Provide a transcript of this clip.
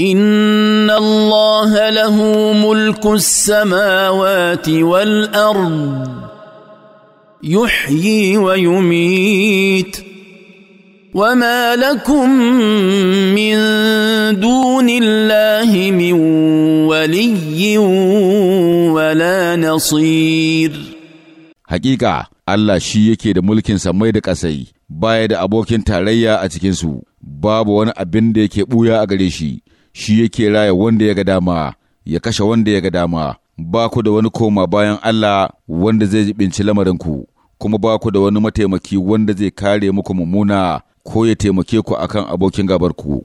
ان الله له ملك السماوات والارض يحيي ويميت وما لكم من دون الله من ولي ولا نصير حقيقه الله shi yake da mulkin samai da ƙasai baya da abokin tarayya a cikin su babu wani abin da yake ɓuya a gare shi shi yake raya wanda ya ga dama, ya kashe wanda ya ga dama, ba ku da wani koma bayan Allah wanda zai binci lamarin ku kuma ba ku da wani mataimaki wanda zai kare muku mummuna ko ya taimake ku akan abokin gabar ku.